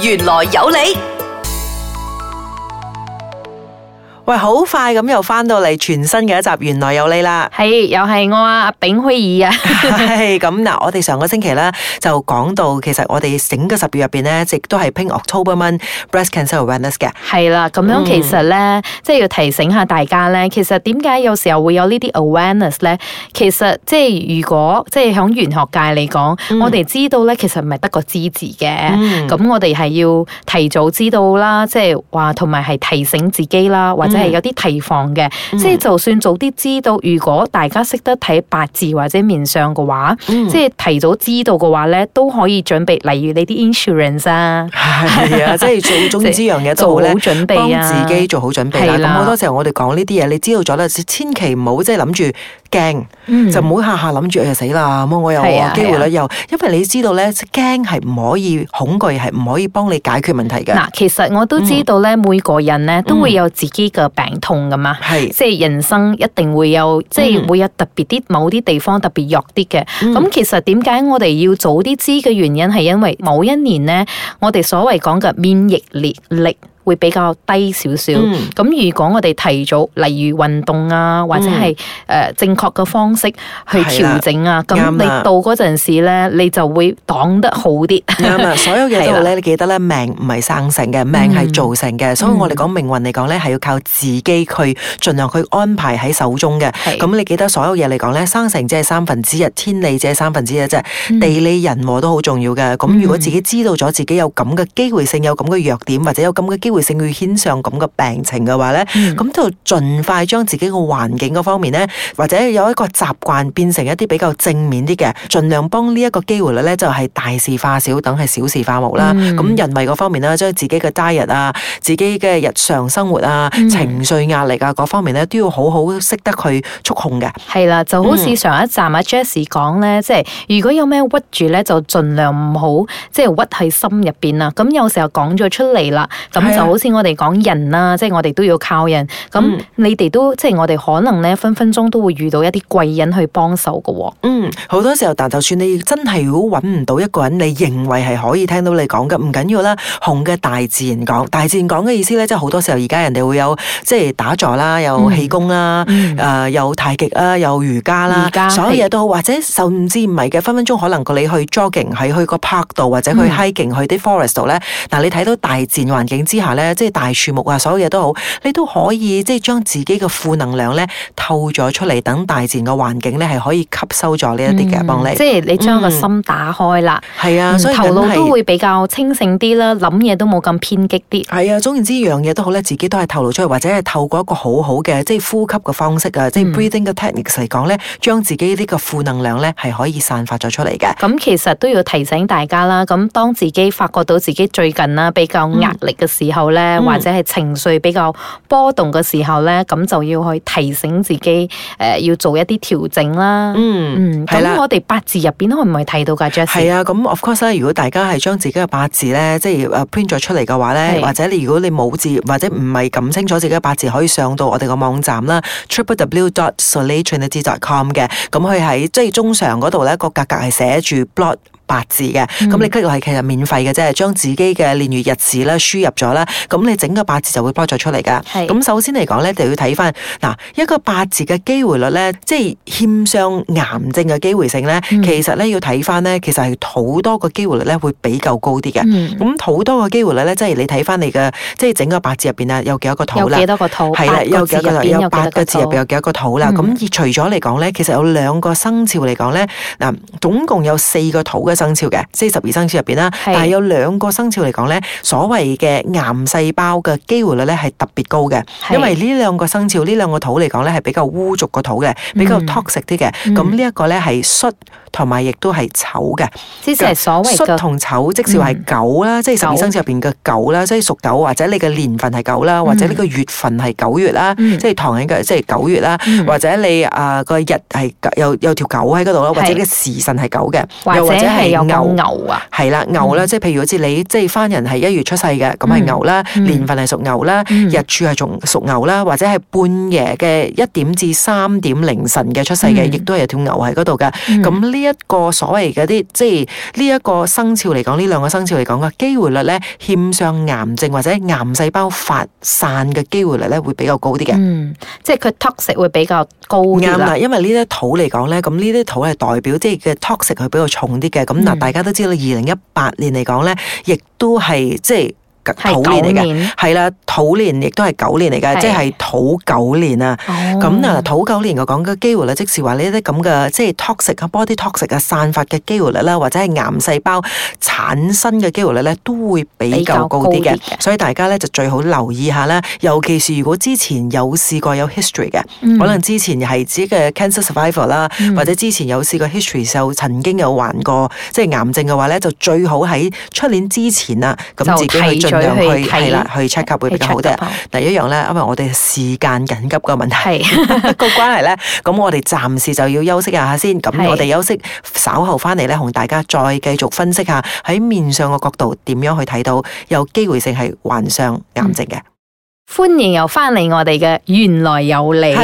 玄來有理。喂，好快咁又翻到嚟全新嘅一集《玄來有理》啦，係又係我啊，阿炳虛爾啊，咁 嗱，我哋上個星期咧就講到，其實我哋整個十月入邊咧，亦都係拼 October Month Breast Cancer Awareness 嘅，係啦，咁樣其實咧，即係要提醒下大家咧，其實點解有時候會有呢啲 awareness 咧？其實即係如果即係響玄學界嚟講，嗯、我哋知道咧，其實唔係得個知字嘅，咁、嗯、我哋係要提早知道啦，即係話同埋係提醒自己啦，或者、嗯。係有啲提防嘅，嗯、即係就算早啲知道，如果大家識得睇八字或者面相嘅話，嗯、即係提早知道嘅話咧，都可以準備，例如你啲 insurance 啊，係啊，即係做中之樣嘢做好準備，啊，幫自己做好準備啦。咁好的多時候我哋講呢啲嘢，你知道咗咧，千祈唔好即係諗住。驚，嗯、就唔好下下諗住又死啦，咁我又機會啦又，因為你知道咧，驚係唔可以，恐懼係唔可以幫你解決問題噶。嗱，其實我都知道咧，每個人咧都會有自己嘅病痛噶嘛，嗯、即係人生一定會有，嗯、即係會有特別啲某啲地方特別弱啲嘅。咁、嗯、其實點解我哋要早啲知嘅原因係因為某一年咧，我哋所謂講嘅免疫劣力，會比較低少少，咁如果我哋提早，例如運動啊，或者係誒正確嘅方式去調整啊，咁嚟到嗰陣時咧，你就會擋得好啲。啱啊，所有嘢都你記得咧，命唔係生成嘅，命係造成嘅，所以我哋講命運嚟講咧，係要靠自己去盡量去安排喺手中嘅。咁你記得所有嘢嚟講咧，生成只係三分之一，天理者係三分之一啫，地理、人和都好重要嘅。咁如果自己知道咗自己有咁嘅機會性，有咁嘅弱點，或者有咁嘅機會。 會性會牽上咁嘅病情嘅話咧，咁就盡快將自己嘅環境嗰方面咧，或者有一個習慣變成一啲比較正面啲嘅，盡量幫呢一個機會率咧，就係大事化小，等係小事化無啦。咁、嗯、人為嗰方面咧，將自己嘅 diet 啊、自己嘅日常生活啊、嗯、情緒壓力啊嗰方面咧，都要好好識得去觸控嘅。係啦，就好似上一集阿 Jess 講咧，即係、嗯、如果有咩屈住咧，就盡量唔好即係屈喺心入邊啊。咁有時候講咗出嚟啦，咁。的就好似我哋講人啦，即、就、係、是、我哋都要靠人。咁、嗯、你哋都即係、就是、我哋可能咧，分分鐘都會遇到一啲貴人去幫手噶。嗯，好多時候，但就算你真係如果揾唔到一個人，你認為係可以聽到你講嘅，唔緊要啦。紅嘅大自然講大自然講嘅意思咧，即係好多時候而家人哋會有即係打坐啦，有氣功啦，誒、嗯嗯呃、有太極啊，有瑜伽啦，而家所有嘢都好，或者甚至唔係嘅，分分鐘可能你去 jogging 喺去，去個 park 度，或者去 hiking 去啲 forest 度咧。嗱，你睇到大自然環境之下。即係大樹木啊，所有嘢都好，你都可以即係將自己嘅負能量咧透咗出嚟，等大自然嘅環境咧係可以吸收咗呢一啲嘅，幫你。嗯、即係你將個心打開啦，係、嗯、啊，所以頭腦都會比較清醒啲啦，諗嘢都冇咁偏激啲。係啊，總言之，樣嘢都好咧，自己都係透露出嚟，或者係透過一個好好嘅即係呼吸嘅方式啊，嗯、即係 breathing 嘅 technics 嚟講咧，將自己呢個負能量咧係可以散發咗出嚟嘅。咁其實都要提醒大家啦，咁當自己發覺到自己最近啦比較壓力嘅時候。嗯後咧，嗯、或者係情緒比較波動嘅時候咧，咁就要去提醒自己，誒、呃，要做一啲調整啦。嗯，咁我哋八字入邊可唔可以睇到噶，Jas？係啊，咁 of course 如果大家係將自己嘅八字咧，即係誒 print 咗出嚟嘅話咧，的或者你如果你冇字，或者唔係咁清楚自己嘅八字，可以上到我哋個網站啦 w w w s o l i d t r i n t c o m 嘅，咁佢喺即係中上嗰度咧個格格係寫住 blog 八字嘅，咁你佢係其實免費嘅啫，將自己嘅年月日時咧輸入咗啦，咁你整個八字就會 po 出嚟噶。咁是首先嚟講咧，就要睇翻嗱一個八字嘅機會率咧，即係患上癌症嘅機會性咧、嗯，其實咧要睇翻咧，其實係土多嘅機會率咧會比較高啲嘅。咁土、嗯、多嘅機會率咧，即係你睇翻你嘅即係整個八字入邊啊，有幾多個土啦？有幾多個土？有八個字入邊有幾多個土啦？咁、嗯、而除咗嚟講咧，其實有兩個生肖嚟講咧，嗱總共有四個土嘅。生肖嘅，即係十二生肖入邊啦，是但係有兩個生肖嚟講咧，所謂嘅癌細胞嘅機會率咧係特別高嘅，是因為呢兩個生肖呢兩個土嚟講咧係比較污濁個土嘅，嗯、比較 toxic 啲嘅，咁、嗯、呢一個咧係戌。同埋亦都係丑嘅，即係所謂嘅。戌同丑，即是話係狗啦，即係十二生肖入邊嘅狗啦，即係屬狗或者你嘅年份係狗啦，或者呢個月份係九月啦，即係唐嘅，即係九月啦，或者你啊個日係有有條狗喺嗰度啦，或者你嘅時辰係狗嘅，又或者係牛牛啊，係啦牛啦，即係譬如好似你即係翻人係一月出世嘅，咁係牛啦，年份係屬牛啦，日柱係屬屬牛啦，或者係半夜嘅一點至三點凌晨嘅出世嘅，亦都係有條牛喺嗰度嘅，咁呢一一個所謂嗰啲即係呢一個生肖嚟講，呢兩個生肖嚟講嘅機會率咧，欠上癌症或者癌細胞發散嘅機會率咧，會比較高啲嘅。嗯，即係佢 toxic 會比較高啲啦。啱啦，因為呢啲土嚟講咧，咁呢啲土係代表即係嘅 toxic 係比較重啲嘅。咁嗱、嗯，大家都知道，二零一八年嚟講咧，亦都係即係。土年嚟嘅，係啦，土年亦都係九年嚟嘅，是即係土九年啊！咁啊、哦，土九年我講嘅機會率，即是話呢啲咁嘅，即係 toxic 啊，body toxic 啊，散發嘅機會率啦，或者係癌細胞產生嘅機會率咧，都會比較高啲嘅。所以大家咧就最好留意下啦，嗯、尤其是如果之前有試過有 history 嘅，嗯、可能之前係自己嘅 cancer survivor 啦、嗯，或者之前有試過 history，就曾經有患過即係癌症嘅話咧，就最好喺出年之前啊，咁自己去進。量去係啦，去 check 級會比較好啲。第一樣咧，因為我哋時間緊急嘅問題個關係咧，咁我哋暫時就要休息下先。咁我哋休息稍後翻嚟咧，同大家再繼續分析下喺面上嘅角度點樣去睇到有機會性係患上癌症嘅。歡迎又翻嚟我哋嘅玄來有理啊！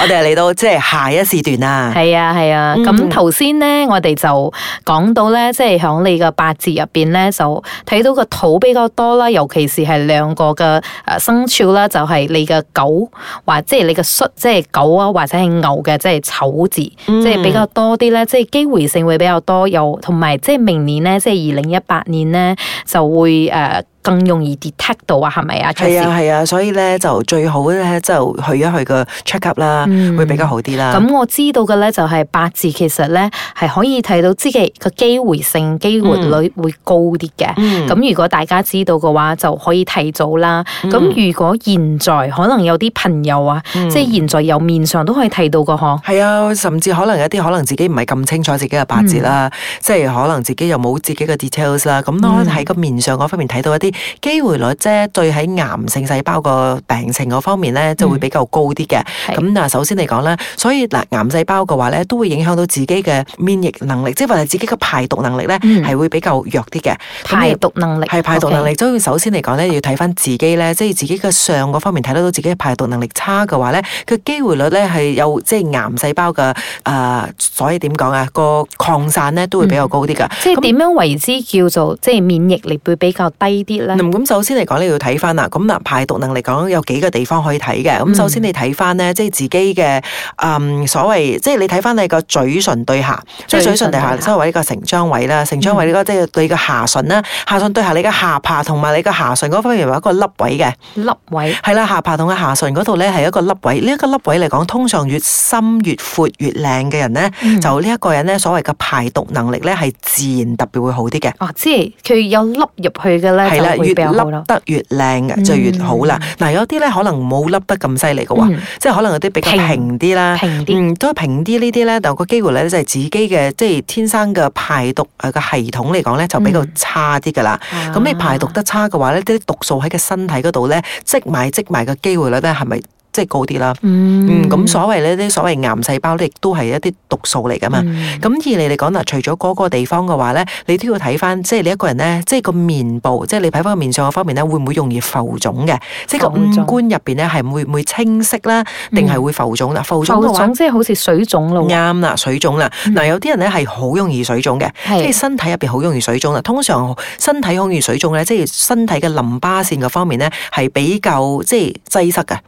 我哋嚟到即係下一時段啦。係啊，係啊。咁頭先咧，我哋就講到咧，即係響你嘅八字入邊咧，就睇到個土比較多啦，尤其是係兩個嘅誒生肖啦，就係你嘅狗，或者係你嘅戌，即係狗啊，或者係牛嘅，即係丑字，即係比較多啲咧，即係機會性會比較多，又同埋即係明年咧，即係二零一八年咧，就會誒。更容易 detect 到啊，係咪啊？係啊，係啊，所以咧就最好咧就去一去個 check up 啦，會比較好啲啦。咁我知道嘅咧就係八字其實咧係可以睇到自己個機會性、機會率會高啲嘅。咁如果大家知道嘅話，就可以提早啦。咁如果現在可能有啲朋友啊，即係現在有面上都可以睇到個嗬，係啊，甚至可能有啲可能自己唔係咁清楚自己嘅八字啦，即係可能自己又冇自己嘅 details 啦。咁都喺個面上嗰方面睇到一啲。機會率啫，對喺癌性細胞個病情嗰方面咧，就會比較高啲嘅、嗯。咁嗱，首先嚟講咧，所以嗱，癌細胞嘅話咧，都會影響到自己嘅免疫能力，即係話係自己嘅排毒能力咧，係會比較弱啲嘅。排毒能力係排毒能力，okay. 所以首先嚟講咧，要睇翻自己咧，即係自己嘅上嗰方面睇得到自己嘅排毒能力差嘅話咧，佢機會率咧係有即係癌細胞嘅誒、呃，所以點講啊，個擴散咧都會比較高啲噶。即係點樣為之叫做即係、就是、免疫力會比較低啲？咁首先嚟講你要睇翻啦，咁啊排毒能力講有幾個地方可以睇嘅。咁、嗯、首先你睇翻咧，即係自己嘅，所謂即係你睇翻你個嘴唇對下，即係嘴唇對下周圍呢個成張位啦，成張位呢個即係你個下唇啦，下唇對下、嗯、你個下巴同埋你個下唇嗰方面，有一個凹位嘅，凹位係啦，下，下，下巴同個下唇嗰度咧係一個凹位。呢位一個凹位嚟講、這個，通常越深越闊越靚嘅人咧，嗯、就呢一個人咧，所謂嘅排毒能力咧係自然特別會好啲嘅。哦，即係佢有凹入去嘅咧。了越凹得越靚嘅就越好啦。嗱、嗯啊，有啲咧可能冇凹得咁犀利嘅話，嗯、即係可能有啲比較平啲啦，平嗯，都係平啲呢啲咧。但係個機會率咧，就係自己嘅即係天生嘅排毒啊個系統嚟講咧，就比較差啲㗎啦。咁你、嗯、排毒得差嘅話咧，啲、嗯、毒素喺個身體嗰度咧積埋積埋嘅機會率咧係咪？即係高啲啦，嗯，咁所謂呢啲所謂癌細胞亦都係一啲毒素嚟噶嘛。咁而你嚟講嗱，除咗嗰個地方嘅話咧，你都要睇翻，即係你一個人咧，即係個面部，即係你睇翻個面上嘅方面咧，會唔會容易浮腫嘅？即係個五官入邊咧，係會唔會清晰啦？定係會浮腫啦？浮腫即係好似水腫咯。啱啦，水腫啦。嗱，有啲人咧係好容易水腫嘅，即係身體入邊好容易水腫啦。通常身體好容易水腫咧，即係身體嘅淋巴腺嘅方面咧，係比較即係擠塞嘅。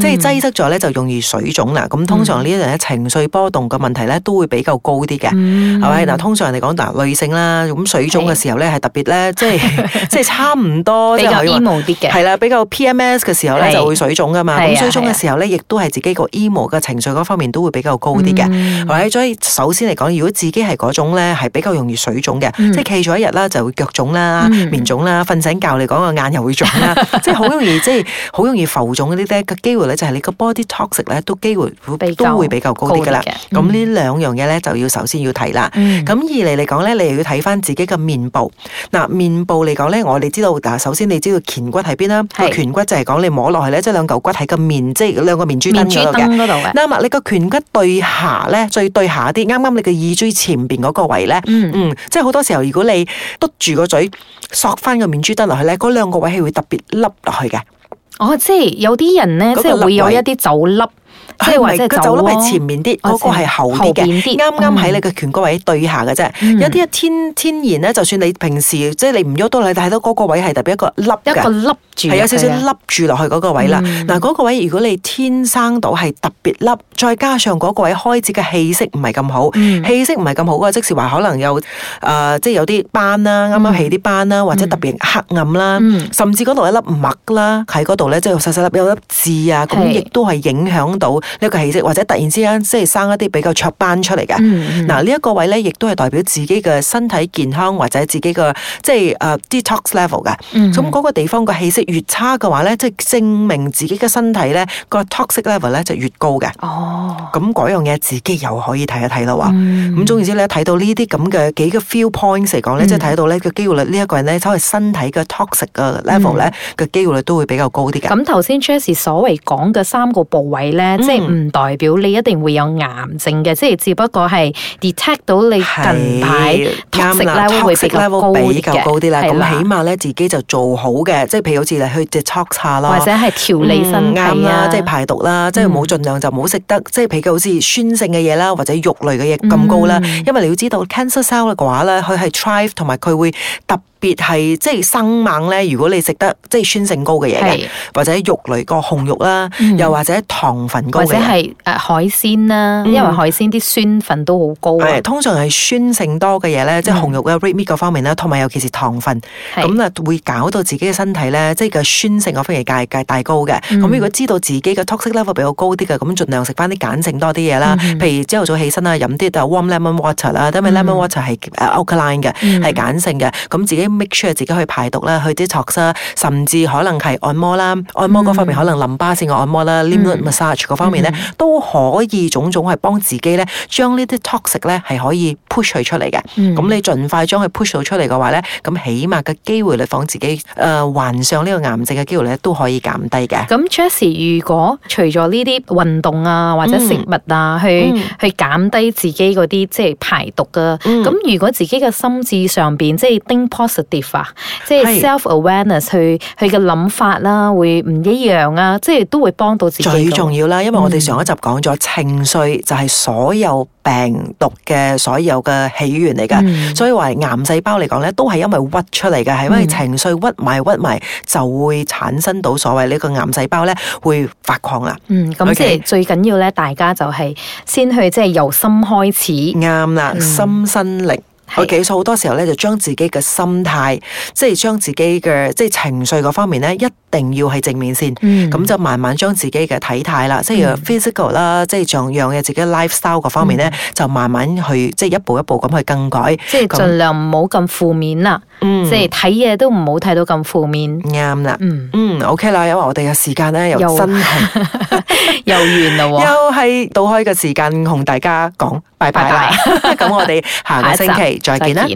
即係擠塞咗咧就容易水腫啦。咁通常呢一樣咧情緒波動嘅問題咧都會比較高啲嘅，係咪？嗱，通常嚟講嗱，女性啦，咁水腫嘅時候咧係特別咧，即係即係差唔多，即係有 emo 啲嘅，係啦，比較 PMS 嘅時候咧就會水腫噶嘛。咁水腫嘅時候咧亦都係自己個 emo 嘅情緒嗰方面都會比較高啲嘅，係咪？所以首先嚟講，如果自己係嗰種咧係比較容易水腫嘅，即係企咗一日啦就會腳腫啦、面腫啦、瞓醒覺嚟講個眼又會腫啦，即係好容易即係好容易浮腫嗰啲咧。機會咧就係你個 body toxic 咧都機會都會比較高啲噶啦，咁呢兩樣嘢咧就要首先要睇啦。咁二嚟嚟講咧，你又要睇翻自己嘅面部。嗱，面部嚟講咧，我哋知道，嗱，首先你知道顴骨喺邊啦，顴骨就係講你摸落去咧，即係兩嚿骨喺個面，即係兩個面珠墩嗰度嘅。啱啊，你個顴骨對下咧，最對下啲，啱啱你嘅耳珠前邊嗰個位咧，嗯，即係好多時候如果你篤住個嘴，索翻個面珠墩落去咧，嗰兩個位係會特別凹落去嘅。哦，即係有啲人咧，即係會有一啲酒粒。佢唔就咁係前面啲，嗰個係後啲嘅，啱啱喺你嘅顴骨位對下嘅啫。有啲天天然咧，就算你平時即係你唔喐到你睇到嗰個位係特別一個粒嘅，一個粒住，係有少少粒住落去嗰個位啦。嗱，嗰個位如果你天生到係特別粒，再加上嗰個位開折嘅氣色唔係咁好，氣色唔係咁好嘅，即使話可能有誒，即係有啲斑啦，啱啱起啲斑啦，或者特別黑暗啦，甚至嗰度一粒墨啦喺嗰度咧，即係細細粒有粒痣啊，咁亦都係影響到。呢個氣息，或者突然之間即係生一啲比較雀斑出嚟嘅。嗱、嗯，呢一個位咧，亦都係代表自己嘅身體健康或者自己嘅即係誒、uh, detox level 嘅。咁嗰、嗯、個地方個氣息越差嘅話咧，即係證明自己嘅身體咧、這個 toxic level 咧就越高嘅。哦，咁嗰樣嘢自己又可以睇一睇咯。哇、嗯，咁總之咧睇到呢啲咁嘅幾個 few points 嚟講咧，嗯、即係睇到呢個機會率，呢、這、一個人咧，所謂身體嘅 toxic 嘅 level 咧嘅、嗯、機會率都會比較高啲嘅。咁頭先 Jas 所謂講嘅三個部位咧，嗯嗯即係唔代表你一定會有癌症嘅，即係只不過係 detect 到你近排食咧會比較高啲嘅。係啱啦，比較高啲啦。咁對了 起碼咧自己就做好嘅，即係譬如好似你去 detox 下啦，或者係調理身體啦，即係排毒啦，即係冇盡量就唔好食得，即係譬如好似酸性嘅嘢啦，或者肉類嘅嘢咁高啦。嗯、因為你要知道 cancer cell 嘅話咧，佢係 thrive 同埋佢會突別係即係生猛咧，如果你食得即係酸性高嘅嘢，嘅，或者肉類個紅肉啦，又或者糖分高嘅，或者係誒海鮮啦，因為海鮮啲酸分都好高啊。通常係酸性多嘅嘢咧，即係紅肉嘅 red meat 方面咧，同埋尤其是糖分咁啊，會搞到自己嘅身體咧，即係個酸性啊，非常介介大高嘅。咁如果知道自己嘅 toxic level 比較高啲嘅，咁盡量食翻啲鹼性多啲嘢啦。譬如朝頭早起身啦，飲啲 warm lemon water 啦，因為 lemon water 係 alkaline 嘅，係鹼性嘅，咁自己。make、嗯、sure 自己去排毒啦，去啲託啦，甚至可能係按摩啦，按摩嗰方面、嗯、可能淋巴線嘅按摩啦，lymph massage 嗰方面咧都可以種種係幫自己咧將呢啲 toxic 咧係可以 push 出嚟嘅。咁你盡快將佢 push 出嚟嘅話咧，咁起碼嘅機會率放自己誒患上呢個癌症嘅機會咧都可以減低嘅。咁 j e s、嗯嗯嗯嗯嗯、s 如果除咗呢啲運動啊或者食物啊去去減低自己嗰啲即係排毒啊，咁如果自己嘅心智上邊即係 t 化是，即係 self-awareness 去佢嘅諗法啦，會唔一樣啊？即係都會幫到自己。最重要啦，因為我哋上一集講咗、嗯、情緒就係所有病毒嘅所有嘅起源嚟噶，嗯、所以話癌細胞嚟講咧，都係因為屈出嚟嘅，係、嗯、因為情緒屈埋屈埋就會產生到所謂呢個癌細胞咧會發狂啊。嗯，咁即係最緊要咧，Okay. 大家就係先去即係由心開始。啱啦，心身力。嗯我計數好多時候咧，就將自己嘅心態，即係將自己嘅即係情緒嗰方面咧，一定要係正面先。咁、嗯、就慢慢將自己嘅體態啦，就是有 physical, 嗯、即係 physical 啦，即係樣樣嘅自己 lifestyle 嗰方面咧，嗯、就慢慢去即係一步一步咁去更改，即係盡量唔好咁負面啦。嗯、即係睇嘢都唔好睇到咁負面。啱啦、嗯，嗯嗯，OK 啦，因為我哋嘅時間咧又，又真係 又完啦了，又係到開嘅時間同大家講，拜拜啦，咁拜拜 我哋下個星期再見啦。